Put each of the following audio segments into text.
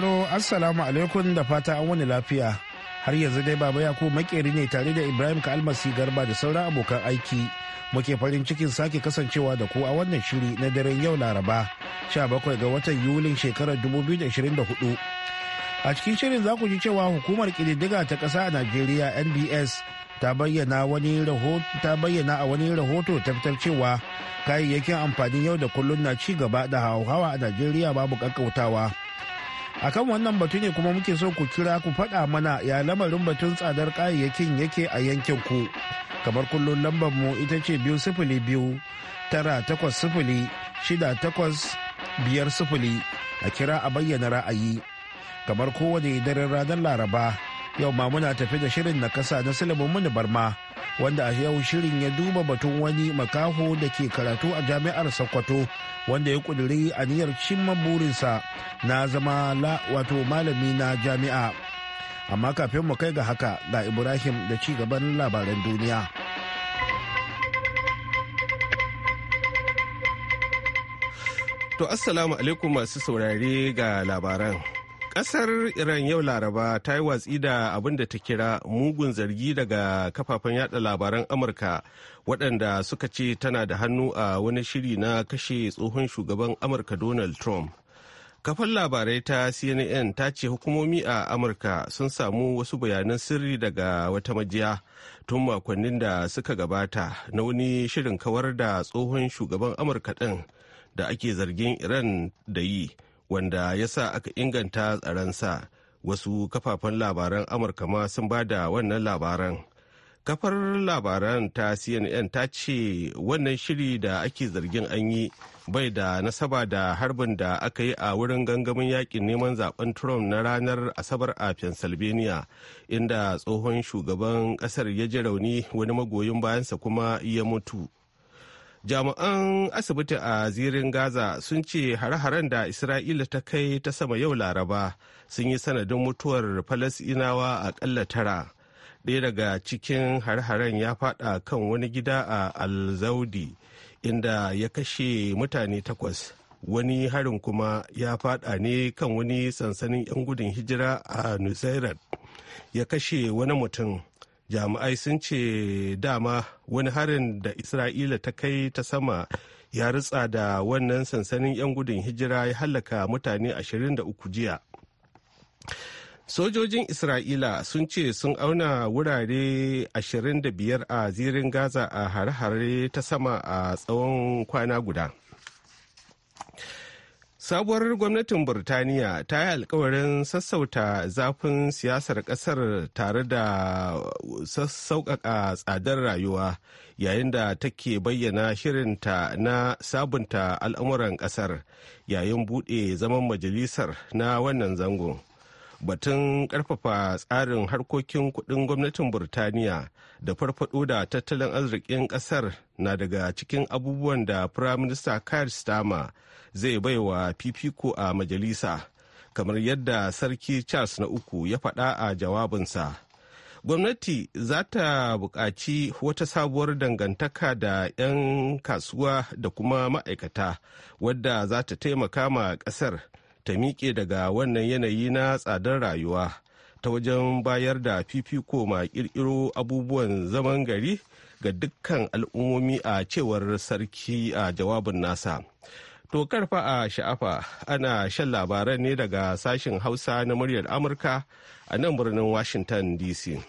sauraro assalamu alaikum da fata an wani lafiya har yanzu dai baba yakubu makeri ne tare da ibrahim ka almasi garba da sauran abokan aiki muke farin cikin sake kasancewa da ku a wannan shiri na daren yau laraba 17 ga watan yulin shekarar 2024 a cikin shirin za ku ji cewa hukumar kididdiga ta ƙasa a najeriya nbs ta bayyana a wani rahoto ta fitar cewa kayayyakin amfanin yau da kullun na ci gaba da hauhawa a najeriya babu ƙaƙautawa. akan wannan batu ne kuma muke so ku kira ku faɗa mana ya lamarin batun tsadar kayayyakin yake a yankin ku kamar kullum lambar mu ita ce biyu sifili biyu tara takwas sifili shida takwas biyar sifili a kira a bayyana ra'ayi kamar kowane daren ranar laraba yau ma muna tafi da shirin na kasa na silimin muni barma wanda a yau shirin ya duba batun wani makaho da ke karatu a jami'ar sokoto wanda ya kuduri niyyar cimma burinsa na zama la wato malami na jami'a amma kafin mu kai ga haka ga ibrahim da ci gaban labaran duniya to assalamu alaikum masu saurare ga labaran Kasar Iran yau Laraba ta yi watsi da abin da ta kira mugun zargi daga kafafen yada labaran Amurka waɗanda suka ce tana da hannu a wani shiri na kashe tsohon shugaban Amurka Donald Trump. Kafan labarai ta CNN ta ce hukumomi a Amurka sun samu wasu bayanan sirri daga wata majiya tun makonnin da suka gabata na wani shirin kawar da tsohon shugaban Amurka ɗin da ake zargin Iran da yi. wanda ya sa aka inganta tsaronsa wasu kafafen labaran amurka ma sun ba da wannan labaran kafar labaran ta cnn ta ce wannan shiri da ake zargin an yi bai da nasaba da harbin da aka yi a wurin gangamin yakin neman zaben trump na ranar asabar a pennsylvania inda tsohon shugaban kasar ya ji rauni wani magoyin bayansa kuma ya mutu jami'an asibiti a zirin gaza sun ce hare-haren da isra'ila ta kai ta sama yau laraba sun yi sanadin mutuwar falasinawa aƙalla tara ɗaya daga cikin hare-haren ya fada kan wani gida a alzaudi inda ya kashe mutane takwas wani harin kuma ya fada ne kan wani sansanin 'yan gudun hijira a nusairat ya kashe wani mutum jami'ai sun ce dama wani harin da isra'ila ta kai ta sama ya ritsa da wannan sansanin 'yan gudun hijira ya hallaka mutane 23 jiya sojojin isra'ila sun ce sun auna wurare 25 a zirin gaza a hare-hare ta sama a tsawon kwana guda Sabuwar gwamnatin Burtaniya ta yi alkawarin sassauta zafin siyasar kasar tare da sassauƙaƙa tsadar rayuwa yayin da take bayyana shirinta na sabunta al'amuran kasar yayin buɗe zaman majalisar na wannan zangon. batun karfafa tsarin harkokin kudin gwamnatin burtaniya da farfado da tattalin arzikin kasar na daga cikin abubuwan da firaminista kyle starmer zai baiwa fifiko a majalisa kamar yadda sarki charles na uku ya faɗa a jawabinsa gwamnati za ta buƙaci wata sabuwar dangantaka da 'yan kasuwa da kuma ma'aikata wadda za ta taimaka ma ƙasar ta miƙe daga wannan yanayi na tsadar rayuwa ta wajen bayar da fifiko ma ƙirƙiro abubuwan zaman gari ga dukkan al'ummomi a cewar sarki a jawabin nasa. To karfa a sha'afa ana shan labaran ne daga sashen Hausa na muryar Amurka a nan birnin Washington DC.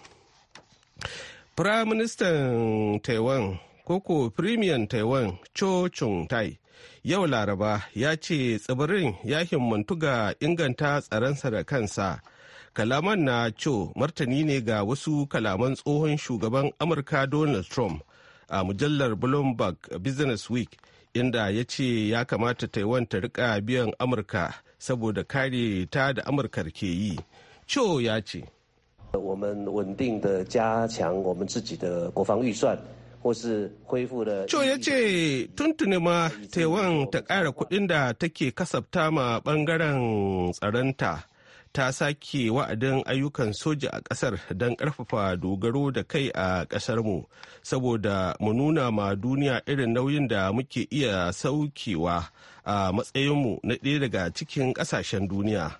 Firaministan Taiwan koko premium taiwan cho chung tai yau laraba ya ce tsibirin ya himmantu ga inganta tsaronsa da kansa kalaman na cho martani ne ga wasu kalaman tsohon shugaban amurka donald trump a mujallar bloomberg business week inda ya ce ya kamata taiwan ta rika biyan amurka saboda kare ta da amurkar ke yi cho ya ce 我们稳定的加强我们自己的国防预算。ko su 恢复的。To ya ce tuntuni ma Taiwan ta ƙara kuɗin da take kasafta ma ɓangaren tsaronta. ta sake wa'adin ayyukan soja a ƙasar don ƙarfafa dogaro da kai a ƙasarmu saboda mu nuna ma duniya irin nauyin da muke iya saukewa a matsayinmu na ɗaya daga cikin ƙasashen duniya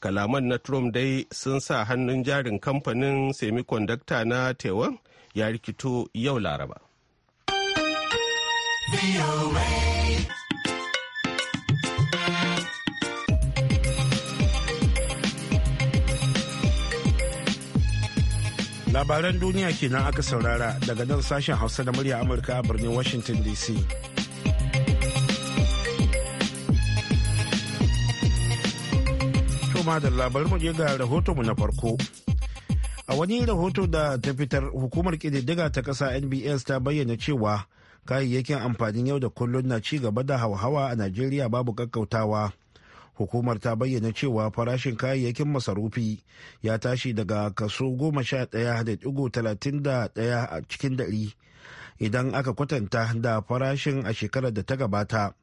kalaman na trump dai sun sa hannun jarin kamfanin semiconductor na taiwan ya rikito yau laraba Labaran duniya kenan aka saurara daga nan sashen Hausa da murya Amurka a birnin Washington DC. Tuma da labarin muje je ga rahotonmu na farko. a wani rahoto da ta fitar hukumar ƙididdiga ta ƙasa nbs ta bayyana cewa kayayyakin amfanin yau da kullum na ci gaba da hauhawa a najeriya babu kakkautawa hukumar ta bayyana cewa farashin kayayyakin masarufi ya tashi daga kaso goma sha ɗaya da ɗigo talatin da ɗaya a cikin ɗari idan aka kwatanta da farashin a shekarar da ta gabata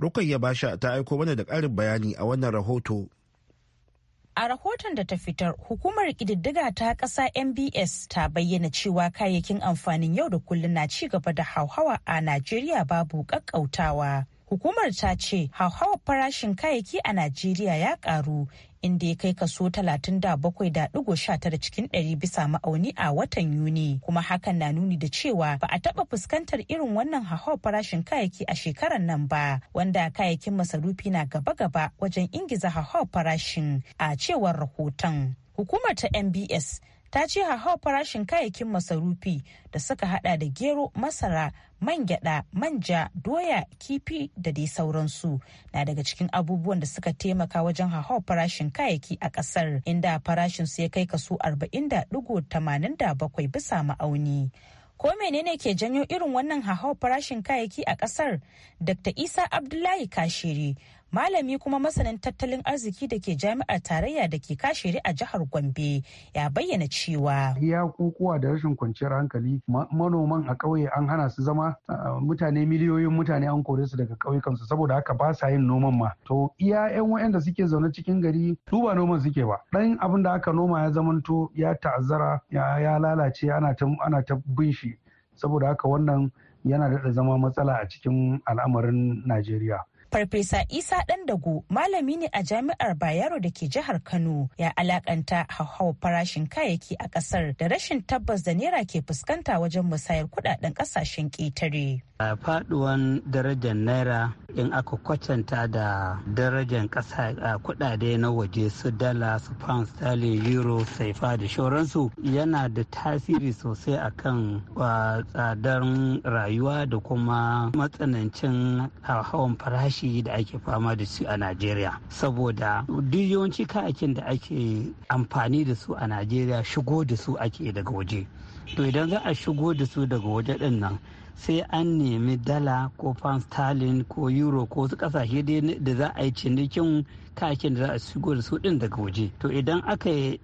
rukayya basha ta aiko mana da ƙarin bayani a wannan rahoto A rahoton da ta fitar, hukumar ƙididdiga ta ƙasa MBS ta bayyana cewa kayayyakin amfanin yau da kullum na ci gaba da hauhawa a Najeriya babu ƙaƙƙautawa. Hukumar ta ce hauhawar farashin kayayyaki a Najeriya ya karu inda ya kai kaso 37.19 cikin 100 bisa ma'auni a watan Yuni. Kuma hakan na nuni da cewa ba a taɓa fuskantar irin wannan hauhawar farashin kayayyaki a shekarar nan ba, wanda kayayyakin masarufi na gaba-gaba wajen ingiza hauhawar farashin a cewar rahoton. Hukumar ta MBS ta ce hauhawar farashin kayayyakin masarufi da suka hada da gero masara man gyada manja doya kifi da dai sauransu na daga cikin abubuwan da suka taimaka wajen hauhawar farashin kayayyaki a kasar inda farashin su ya kai kaso 40.87 bisa ma'auni ko menene ke janyo irin wannan hauhawar farashin kayayyaki a kasar dr isa abdullahi kashiri malami kuma masanin tattalin arziki da ke jami'ar tarayya da ke kashiri a jihar gombe ya bayyana cewa iya kokowa da rashin kwanciyar hankali manoman a ƙauye an hana su zama mutane miliyoyin mutane an kore su daga ƙauyukansu saboda haka ba sa yin noman ma to iya yan wayanda suke zaune cikin gari ba noman suke ba Ɗan abin da aka noma ya zamanto ya ta'azzara ya lalace ana ta ana ta bin shi saboda haka wannan yana da zama matsala a cikin al'amarin Najeriya. Farfesa Isa Dandago malami ne a jami'ar Bayero da ke jihar Kano ya alakanta hauhawar farashin kayayyaki a kasar da rashin tabbas da naira ke fuskanta wajen musayar kudaden kasashen ƙetare. A faduwan darajar naira in aka kwatanta da darajar a kudade na waje su dala su pound sterling euro saifa da shauransu yana da tasiri sosai akan tsadar rayuwa da kuma matsanancin hawan farashi yawanci da ake fama da su a najeriya saboda duk yawanci kayakin da ake amfani da su a najeriya shigo da su ake daga waje to idan za a shigo da su daga waje din nan sai an nemi dala ko pound sterling ko euro ko wasu kasashe da za a yi cinikin kayakin da za a shigo da su din daga waje to idan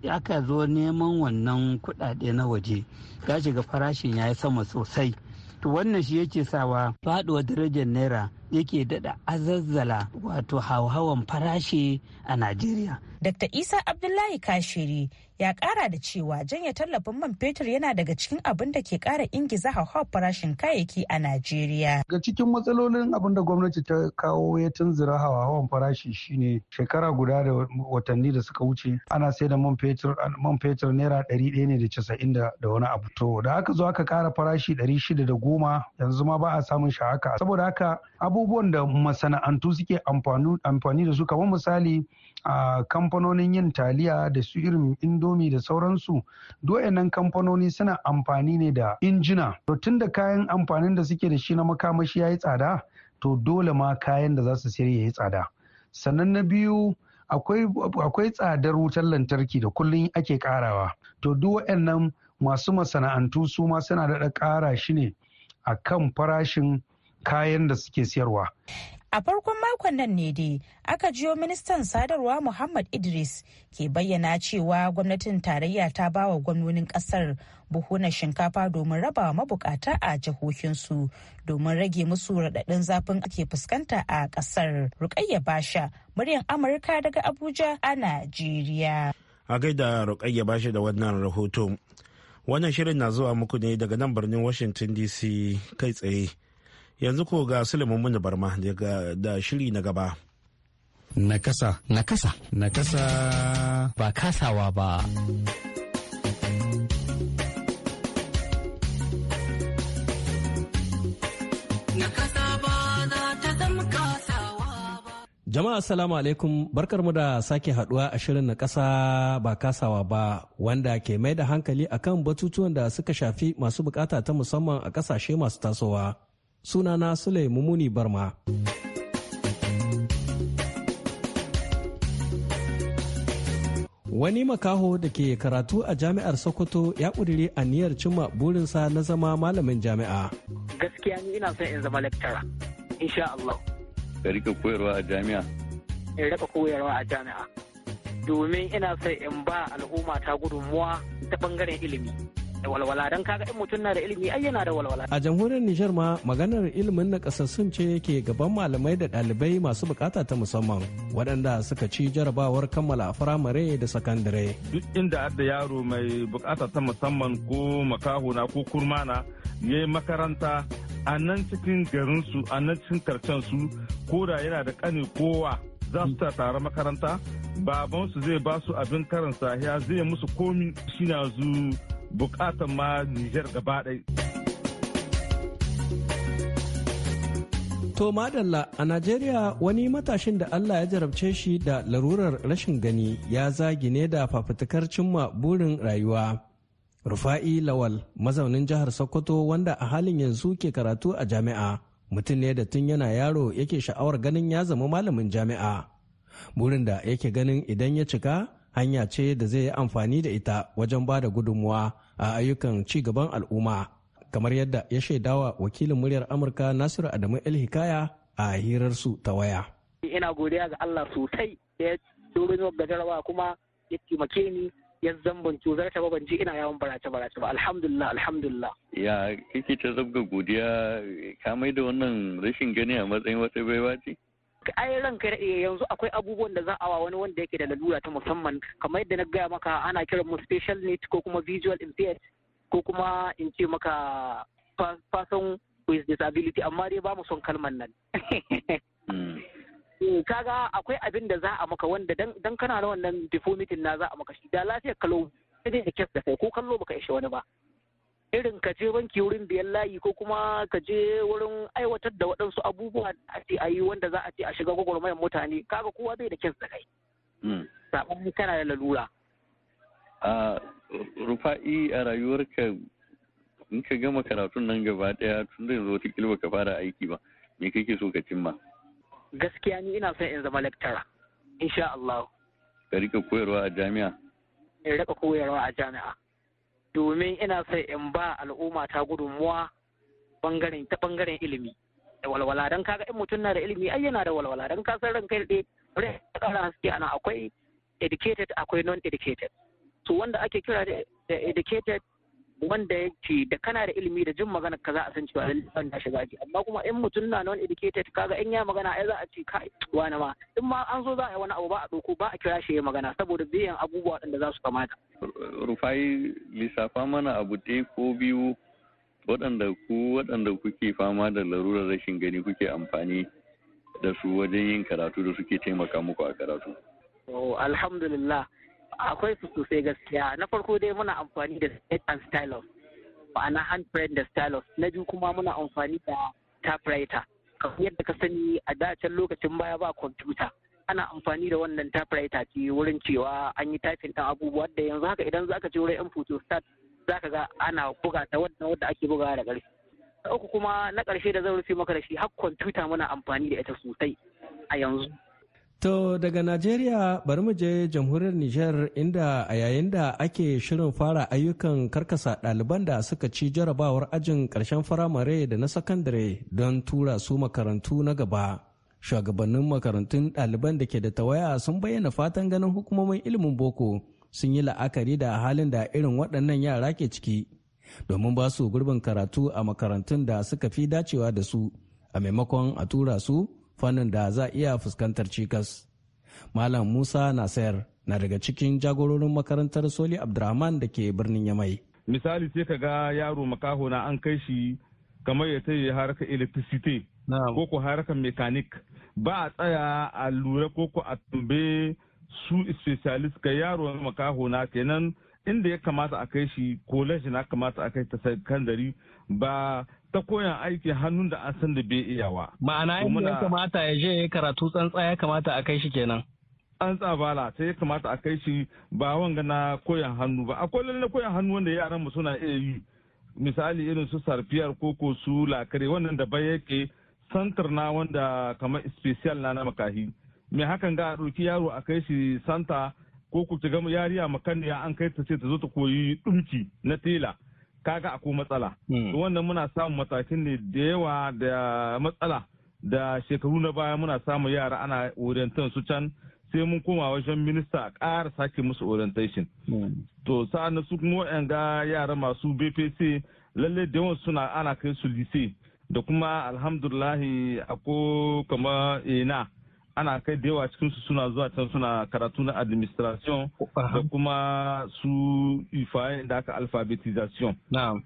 aka zo neman wannan kudade na waje ya shiga farashin ya yi sama sosai to wannan shi yake sawa faduwar darajar naira yake daɗa azazzala wato hauhawan farashi a Najeriya. Dr. Isa Abdullahi Kashiri ya kara da cewa janya tallafin man fetur yana daga cikin abin da ke kara ingiza hauhawar farashin kayayyaki a Najeriya. Ga cikin matsalolin abin da gwamnati ta kawo ya tunzura hauhawan farashi shine shekara guda da watanni da suka wuce ana sai da man fetur man fetur naira ɗari ɗaya ne da casa'in da wani abu to da aka zo aka kara farashi ɗari shida da goma yanzu ma ba a samun shi haka saboda haka abu abubuwan da masana'antu suke amfani da su kamar misali a kamfanonin yin taliya da su irin indomi da sauransu nan kamfanoni suna amfani ne da injina to tun da kayan amfanin da suke da shi na makamashi ya yi tsada to dole ma kayan da za su sayar ya yi tsada sannan na biyu akwai tsadar wutar lantarki da kullum ake karawa to duk nan masu masana'antu su ma suna daɗa ƙara shi ne a kan farashin kayan da suke siyarwa. A farkon makon nan ne dai aka jiyo ministan sadarwa Muhammad Idris ke bayyana cewa gwamnatin tarayya ta ba wa gwamnonin kasar buhunan shinkafa domin raba mabukata a jihohinsu domin rage musu raɗaɗin zafin ake fuskanta a kasar. Rukayya Basha, muryar Amurka daga Abuja a Najeriya. A gaida Rukayya Basha da wannan rahoto. Wannan shirin na zuwa muku ne daga nan birnin Washington DC kai tsaye. yanzu ko ga sulaiman Muni Barma da shiri na gaba. Nakasa. Nakasa. Nakasa. Ba kasawa ba. Jama'a salamu alaikum barkarmu da sake haduwa a shirin na kasa ba kasawa ba wanda ke mai da hankali akan batutuwan da suka shafi masu bukata ta musamman a kasashe masu tasowa. sunana Sule Mumuni Barma. Wani makaho da ke karatu a jami'ar Sokoto ya ƙudiri niyyar cimma burinsa na zama malamin jami'a. Gaskiya ni ina son in zama lecturer, insha Allah. Ka rika koyarwa a jami'a? In rika koyarwa a jami'a. Domin ina son in ba al'umma ta gudunmuwa ta ɓangaren ilimi. da walwala don kaga in mutum na da ilimi ai yana da walwala a jamhuriyar Nijar ma maganar ilimin na kasassun ce yake gaban malamai da ɗalibai masu bukata ta musamman waɗanda suka ci jarabawar kammala firamare da sakandare duk inda da yaro mai bukata ta musamman ko makahuna ko kurmana ya makaranta a nan cikin garinsu a nan cikin karcen su ko da yana da ƙani kowa za su tare makaranta babansu zai ba su abin karin sahiya zai musu komi shi na zu bukatan ma Nijar gaba ɗaya. To madalla a Najeriya wani matashin da Allah ya jarabce shi da larurar rashin gani ya zagi ne da fafutukar cimma burin rayuwa. Rufa'i Lawal mazaunin jihar Sokoto wanda a halin yanzu ke karatu a jami'a mutum ne da tun yana yaro yake sha'awar ganin ya zama malamin jami'a. Burin da yake ganin idan ya cika hanya ce da zai yi amfani da ita wajen ba da gudunmuwa a ayyukan ci gaban al'umma kamar yadda ya shaidawa wakilin muryar amurka nasiru adamu el hikaya a hirarsu ta waya ina godiya ga allah sosai ya domin wagga jarawa kuma ya taimake ni ya zamban cuzar ta ban ji ina yawan barace barace ba alhamdulillah alhamdulillah ya kike ta zabga godiya ka mai da wannan rashin gani a matsayin wata baiwa ce ai ranka daɗe yanzu akwai abubuwan da za a wa wani wanda yake da lalura ta musamman kamar yadda na gaya maka ana kiran mu special need ko kuma visual impaired ko kuma in ce maka person with disability amma dai ba mu son kalman nan hmm. eh, kaga akwai abin da za a maka wanda dan kana da wannan deformity na za a maka shi da lafiyar kalau sai da kes da kai ko kallo baka ishe wani ba irin ka je banki wurin biyan layi ko kuma ka je wurin aiwatar da waɗansu abubuwa da ake a yi wanda za a ce a shiga gwagwarmayar mutane kaga kowa bai da kyan da kai hmm. sabon kana da lalura a rufa'i a rayuwarka in ka gama karatun nan gaba ɗaya tun da yanzu wata ka fara aiki ba me kake so ka cimma gaskiya ni ina son in zama lecturer insha Allah ka rika koyarwa a jami'a in rika koyarwa a jami'a domin ina sai in ba al'umma ta gudunmuwa bangaren ta bangaren ilimi da walwala dan kaga in mutum na da ilimi ai yana da walwala dan ka san ranka da rai kara haske ana akwai educated akwai non educated to wanda ake kira da educated wanda yake da kana da ilimi da jin magana ka za a san cewa lallai da shiga ji amma kuma in mutum na non educated kaga in ya magana ai za a ce kai wani ma in ma an so za a yi wani abu ba a doko ba a kira shi ya magana saboda biyan abubuwa da za su kamata rufai lissafa mana abu ɗaya ko biyu waɗanda ku waɗanda kuke fama da larurar rashin gani kuke amfani da su wajen yin karatu da suke taimaka muku a karatu. alhamdulillah akwai su sosai gaskiya na farko dai muna amfani da state and stylus ma'ana print da stylus na biyu kuma muna amfani da typewriter kamar yadda ka sani a dacen lokacin baya ba kwamfuta ana amfani da wannan typewriter ki wurin cewa an yi typing ɗin abubuwa da yanzu haka idan za ka ci wurin yan photo start ka ga ana buga ta wadda wadda ake bugawa da ƙarfi uku kuma na ƙarshe da zan rufe maka da shi har kwamfuta muna amfani da ita sosai a yanzu To daga Najeriya bari mu je jamhuriyar Nijar inda a yayin da ake shirin fara ayyukan karkasa ɗaliban da suka ci jarabawar ajin ƙarshen firamare da na sakandare don tura su makarantu na gaba. shugabannin makarantun ɗaliban da ke da tawaya sun bayyana fatan ganin hukumomin ilimin boko sun yi la'akari da halin da irin waɗannan yara ke ciki domin ba su gurbin karatu a makarantun da suka fi dacewa da su a maimakon a tura su fannin da za a iya fuskantar cikas malam musa nasir na daga cikin jagororin makarantar soli abdurrahman da ke birnin yamai misali sai ka ga yaro makaho na an kai shi kamar ya ta yi harkar electricity ko ko harkar mechanic ba a tsaya a lura ko ko a tumbe su specialist ka yaro makaho na kenan inda ya kamata a kai shi college na kamata a kai ta sakandare ba ta koyan aiki hannun da an san da bai iya wa. Ma'ana yadda ya kamata ya je karatu tsantsa ya kamata a kai shi kenan. an tsabala sai ya kamata a kai shi ba wanga na koyan hannu ba akwai lalle koyan hannu wanda yaran mu suna iya yi misali irin su sarfiyar koko su lakare wannan da bai yake santar na wanda kamar special na na makahi me hakan ga ɗauki yaro a kai shi santa ko ku gama yariya makaniya an kai ta ce ta zo ta koyi ɗumki na tela kaga akwai matsala hmm. wannan muna samun matakin ne da yawa da matsala da shekaru na baya muna samun yara ana orientan su can sai mun koma wajen minista a ƙara sake musu orientation hmm. to sa'an su kuma ga yara masu bpc lalle da yawan suna ana kai su lise da kuma alhamdulahi ako kama ina ana kai da yawa cikinsu suna zuwa can suna karatu na administration da kuma su ifayen da aka alphabetization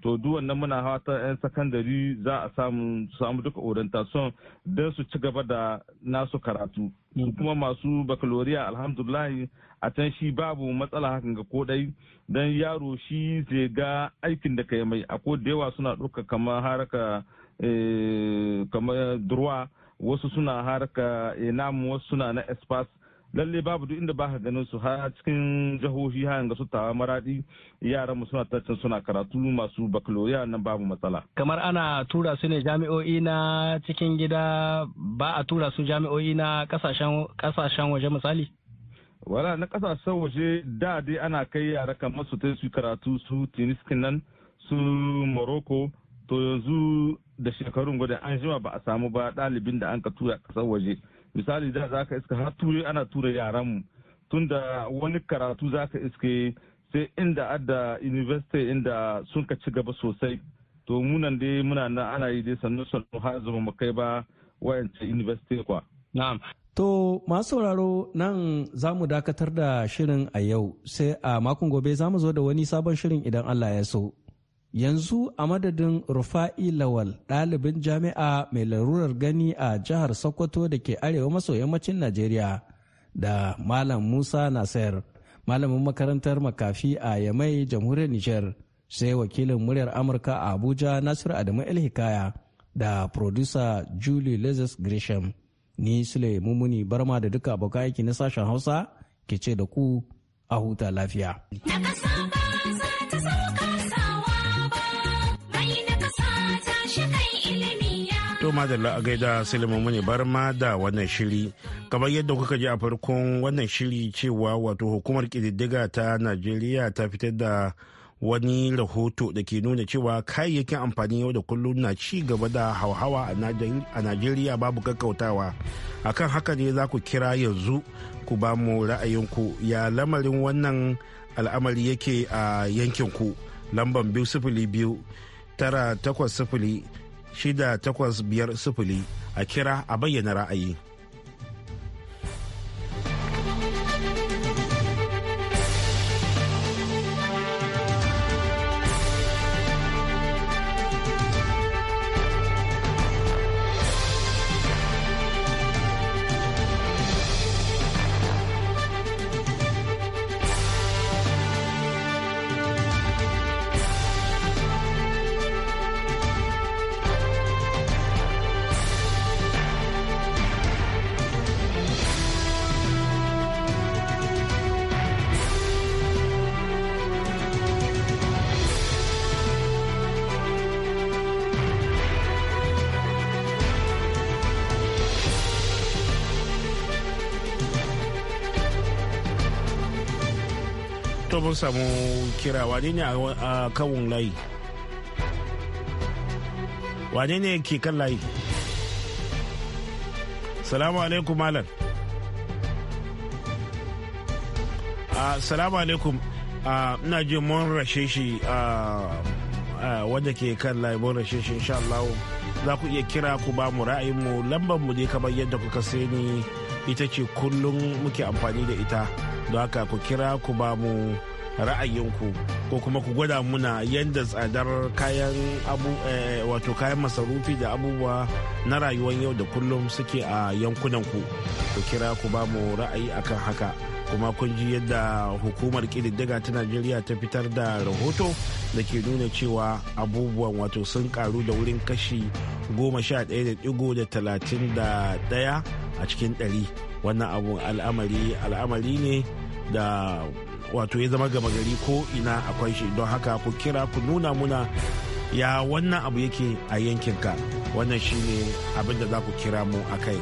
to duk wannan muna ta yan sakandari za a samu samu duka orientation don su ci gaba da nasu karatu mm-hmm. kuma masu bakaloriya alhamdulahi a can shi babu matsala hakan ga kodai don yaro shi zai ga aikin da ka yi mai a da yawa suna ɗauka kamar haraka eh, kamar wasu suna harka enam eh, wasu suna na espas lalle babu duk inda ba ka ganin su har cikin jihohi hayan ga su tawa maradi yaran mu suna tattacin suna karatu masu bakaloriya nan babu matsala kamar ana tura su ne jami'o'i na cikin gida ba a tura su jami'o'i na kasashen kasashen waje misali wala na kasashen waje da dai ana kai yara kamar su ta su karatu su tuniskin nan su morocco to yanzu da shekarun gudun an jima ba a samu ba ɗalibin da an ka tura ƙasar waje misali da za ka iska har turai ana tura yaran mu tunda wani karatu za ka iske sai inda adda university inda sun ka ci gaba sosai to munan dai muna nan ana yi dai sannu sannu har zama mu kai ba wayance university kwa na'am To masu sauraro nan za mu dakatar da shirin a yau sai a makon gobe za mu zo da wani sabon shirin idan Allah ya so. yanzu a madadin rufa'i lawal ɗalibin jami'a mai larurar gani a jihar sokoto da ke arewa maso yammacin najeriya da malam musa nasir malamin makarantar makafi a yamai jamhuriyar nijar sai wakilin muryar amurka a abuja nasir adamu Elhikaya da producer julie lezis gresham ni sule mumuni barma da duka abokan aiki na sashen hausa ke ce da ku a huta lafiya. madalla a gaida Suleiman Mune Barma da wannan shiri. Kamar yadda kuka ji a farkon wannan shiri cewa wato hukumar kididdiga ta Najeriya ta fitar da wani rahoto da ke nuna cewa kayayyakin amfani yau da kullum na ci gaba da hauhawa a Najeriya babu kakkautawa. Akan haka ne za ku kira yanzu ku ba mu ra'ayinku ya lamarin wannan al'amari yake a yankinku. Lamban biyu sifili biyu tara takwas sifili shida takwas biyar sifili a kira a bayyana ra'ayi. to mun samu kira wane ne a kawun layi wane ne ke kan layi salamu alaikum malam salamu alaikum ina ji mun rashe shi wanda ke kan layi mun rashe shi insha Allah za ku iya kira ku ba mu ra'ayinmu mu lambar mu dai kamar yadda kuka sani ita ce kullum muke amfani da ita don haka ku kira ku ba mu ra'ayinku ko kuma ku gwada muna yadda tsadar kayan eh, wato kayan masarufi da abubuwa na rayuwar yau da kullum suke a yankunanku ku kira ku ba mu ra'ayi akan haka kuma kun ji yadda hukumar kididdiga ta najeriya ta fitar da rahoto da ke nuna cewa abubuwan wato sun karu da wurin kashi goma sha ɗaya a cikin ɗari wannan abun al'amari al'amari ne da wato ya zama gama gari ko ina akwai shi don haka ku kira ku nuna muna ya wannan abu yake a yankinka wannan shine abin da za ku kira mu a kai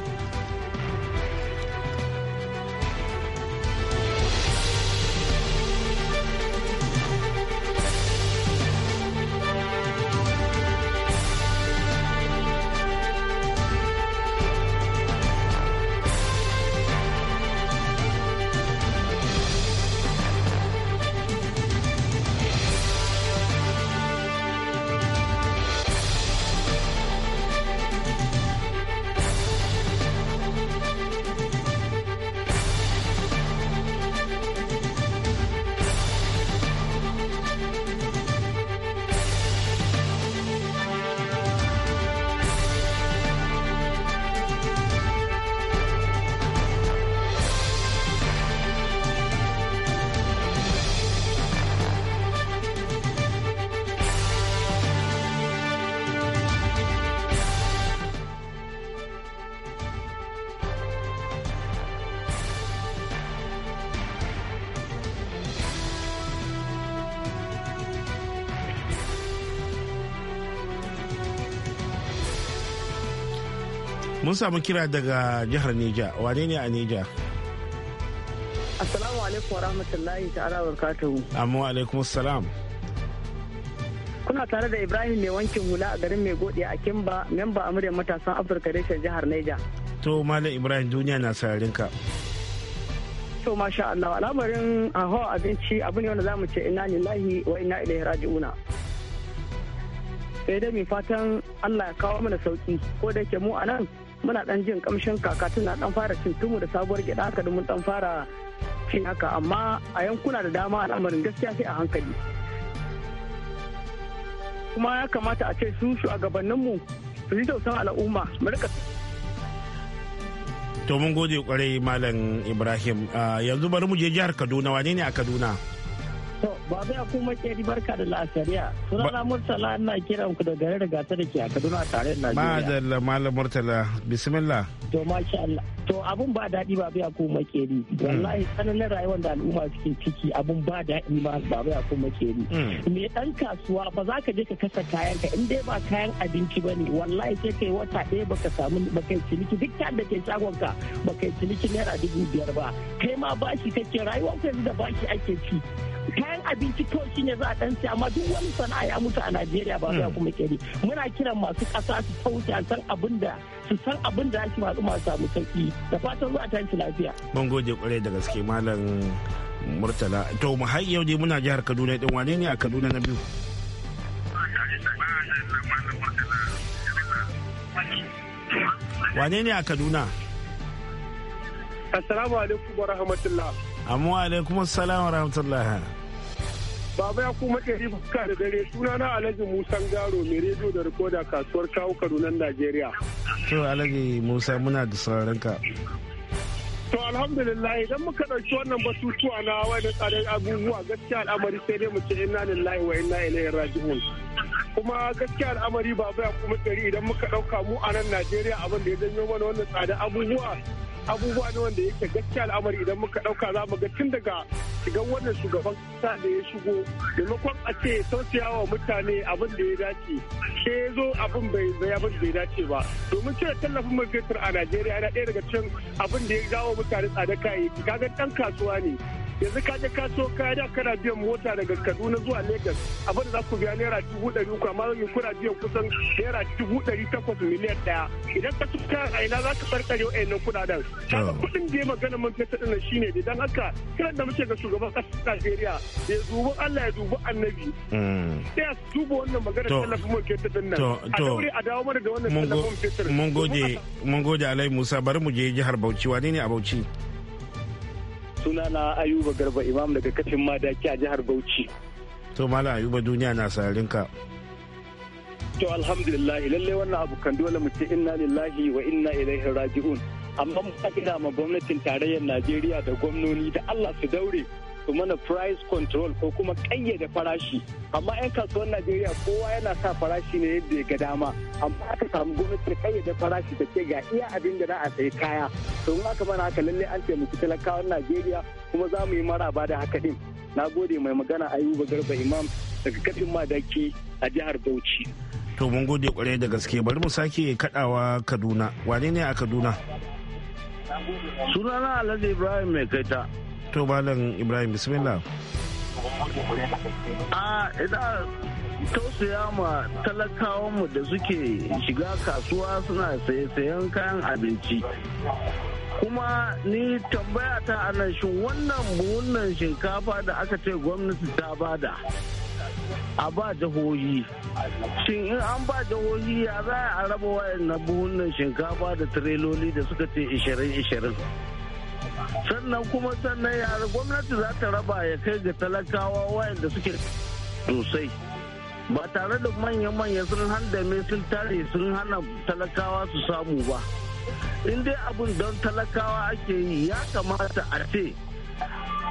mun samu kira daga jihar Neja wane ne a Neja Assalamu alaikum wa ta ta'ala barakatuhu Amma wa alaikum salam Kuna tare da Ibrahim mai wankin hula a garin mai gode a Kimba memba a muryar matasan Afirka reshen jihar Neja To Malam Ibrahim duniya na sararin ka To masha Allah al'amarin hawa abinci abu ne wanda zamu ce inna lillahi wa inna ilaihi raji'una sai dai mai fatan Allah ya kawo mana sauki ko da ke mu a nan muna dan jin kamshin kaka tana dan fara cin tumu da sabuwar gida haka mun dan fara cin haka amma a yankuna da dama al'amarin gaskiya sai a hankali kuma ya kamata a ce su shugabanninmu su ji tausan al'umma mu rika to mun gode kwarai malam ibrahim ah, yanzu bari mu je jihar kaduna wane ne a kaduna Ba bai kuma ke barka da la'asariya. Sunana Murtala ina kiran ku da garin rigata da ke a Kaduna tare da Najeriya. Ma'adalla Malam Murtala bismillah. To masha Allah. To abun ba daɗi ba bai kuma ke di Wallahi tsananin rayuwar da al'umma suke ciki abun ba daɗi ba ba kuma ke di. Hmm. Me dan kasuwa ba za ka je ka kasa kayan ka in dai ba kayan abinci ba ne wallahi sai kai wata ɗaya baka samu baka ciniki duk da ke shagon ka baka ciniki naira dubu biyar ba kai ma bashi kake rayuwar ka yanzu da bashi ake ci. kayan abinci to shi ne za a dan amma duk wani sana'a ya mutu a najeriya ba za hmm. kuma kere muna kiran masu ƙasa su kauce a san abin da su san abin da ake masu masu samu sauki da fatan zuwa ta tashi lafiya. mun gode kwarai da gaske malam murtala to mu har yau dai muna jihar kaduna din wane ne a kaduna na biyu. wane ne a kaduna assalamu alaikum wa rahmatullah amma alaikum assalam wa rahmatullah Baba ya kuma yi fuska da dare suna na Alhaji Musa Garo mai rediyo da rikoda kasuwar kawo Kadunan Najeriya. To Alhaji Musa muna da sauraron ka. To alhamdulillah idan muka ɗauki wannan batutuwa na wani tsadar abubuwa gaskiya al'amari sai dai mu ce inna lillahi wa inna ilaihi raji'un. Kuma gaskiya al'amari Baba ya kuma tsari idan muka ɗauka mu a nan Najeriya abin da ya janyo mana wannan tsadar abubuwa abubuwa ne wanda yake gaske al'amari idan muka ɗauka za mu ga tun daga shigan wannan shugaban kasa da ya shigo maimakon a ce tausaya wa mutane abin da ya dace ke ya zo abin bai zai abin bai dace ba domin cire tallafin man fetur a najeriya yana ɗaya daga cin abin da ya jawo mutane tsada yi kaga ɗan kasuwa ne yanzu ka je ka so ka da kana biyan mota daga kaduna zuwa lagos abin da za ku biya naira dubu ɗari uku amma yanzu kuna biyan kusan naira dubu ɗari takwas miliyan ɗaya idan ka tuka a ina za ka farkare wa'annan kuɗaɗen kaga kuɗin da ya magana man fetur ɗin shine ne idan haka kiran da muke ga shugaban ƙasar najeriya ya dubi allah ya dubi annabi hmm. sai a duba wannan magana tallafin man fetur ɗin nan a daure a dawo mana da wannan tallafin man fetur mun gode mun gode alai musa bari mu je jihar bauchi wani ne a bauchi sunana ayuba garba imam daga kafin madaki a jihar bauchi to mala ayuba duniya na sararinka to alhamdulillah lallai wannan abu kan dole mu ce inna lillahi wa inna ilaihi raji'un amma mu ma gwamnatin tarayyar najeriya da gwamnoni da allah su daure su mana price control ko kuma kayyade farashi amma 'yan kasuwar najeriya kowa yana sa farashi ne yadda ya ga dama amma aka samu gwamnati da kayyade farashi da ce ga iya abin da za a sayi kaya to in aka mana haka lalle an taimaki talakawan najeriya kuma za mu yi maraba da haka din na gode mai magana ayuba garba imam daga kafin madaki a jihar bauchi to mun gode kwarai da gaske bari mu sake kadawa kaduna wane ne a kaduna sunana alhaji ibrahim mai kaita to malam ibrahim bismillah a tausaya ma talakawanmu da suke shiga kasuwa suna sayan kayan abinci kuma ni tambaya ta anan shi wannan buhunan shinkafa da aka ce gwamnati ta bada a ba jihohi shin in an ba jihohi ya za a raba wayan na buhunan shinkafa da tireloli da suka ce 20-20 sannan kuma sannan yara gwamnati za ta raba ya kai ga talakawa wayanda suke sosai ba tare da manya-manya sun handame sun tare sun hana talakawa su samu ba in dai abin don talakawa ake yi ya kamata a ce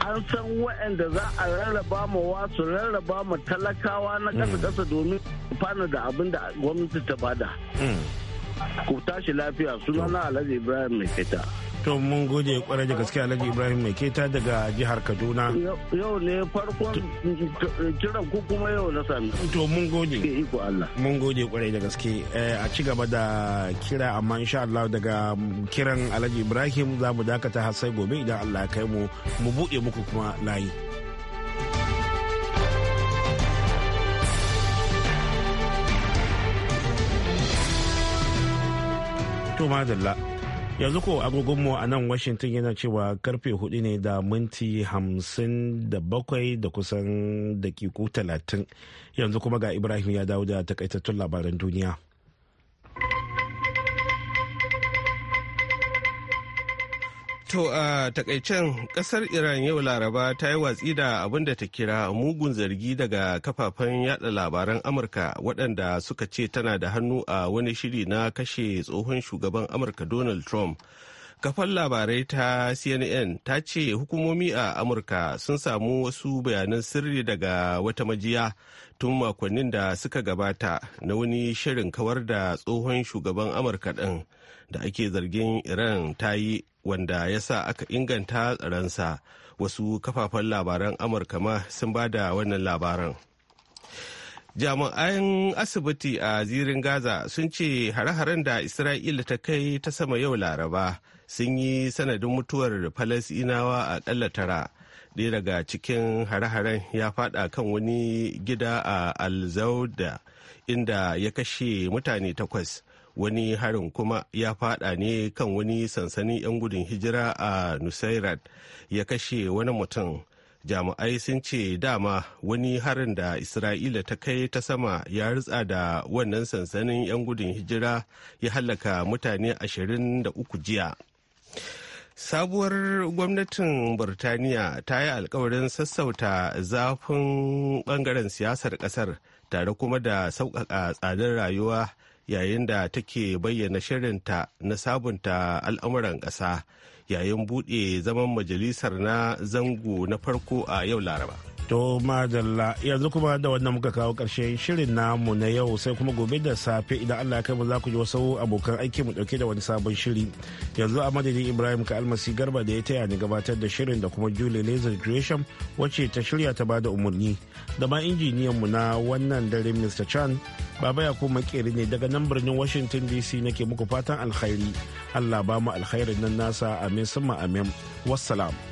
an san wayanda za a rarraba ma wasu rarraba ma talakawa na kasa kasa mm. domin fana da abin da gwamnati ta bada. Mm. Ku tashi lafiya suna na Alhaji Ibrahim Mai Fita. to mun gode kwarai da gaske alhaji ibrahim mai keta daga jihar kaduna yau ne farkon kiran ku kuma yau na sami to mun gode mun gode kwarai da gaske eh, a ci gaba da kira amma insha Allah daga kiran alhaji ibrahim za mu dakata har sai gobe idan Allah ya kai mu mu buɗe muku kuma layi to madalla yanzu ko agogonmu a nan washington yana cewa karfe hudu ne da minti hamsin da bakwai da kusan dakiku talatin yanzu kuma ga ibrahim ya dawo da takaitattun labaran duniya To a takaicen kasar Iran yau Laraba ta yi watsi da abin da ta kira mugun zargi daga kafafen yada labaran Amurka waɗanda suka ce tana da hannu a wani shiri na kashe tsohon shugaban Amurka Donald Trump Kafan labarai ta cnn ta ce hukumomi a amurka sun samu wasu bayanan sirri daga wata majiya tun makonnin da suka gabata na wani shirin kawar da tsohon shugaban amurka ɗin da ake zargin iran ta yi wanda ya sa aka inganta tsaronsa wasu kafafen labaran amurka ma sun ba da wannan labaran jami'an asibiti a zirin gaza sun ce hare-haren da isra'ila ta kai ta sama yau laraba sun yi sanadin mutuwar falasinawa aƙalla tara ɗaya daga cikin hare-haren ya fada kan wani gida a alzauda inda ya kashe mutane takwas wani harin kuma ya fada ne kan wani sansanin 'yan gudun hijira a nusairat ya kashe wani mutum jami'ai sun ce dama wani harin da isra'ila ta kai ta sama ya ritsa da wannan sansanin 'yan gudun hijira ya hallaka mutane 23 jiya sabuwar gwamnatin burtaniya ta yi alkawarin sassauta zafin bangaren siyasar kasar tare kuma da sauƙaƙa tsadar rayuwa yayin da take bayyana shirinta na sabunta al'amuran ƙasa yayin buɗe zaman majalisar na zango na farko a yau laraba To madalla yanzu kuma da wannan muka kawo ƙarshen shirin namu na yau sai kuma gobe da safe idan Allah ya kaimu za ku ji wasu abokan aiki mu dauke da wani sabon shiri. Yanzu a madadin Ibrahim ka almasi garba da ya taya ni gabatar da shirin da kuma Julie Laser creation wacce ta shirya ta bada umarni. Da ma injiniyan mu na wannan dare Mr. Chan Baba ya kuma Makeri ne daga nan birnin Washington DC nake muku fatan alkhairi. Allah ba mu alkhairin nan nasa amin summa amin. Wassalam.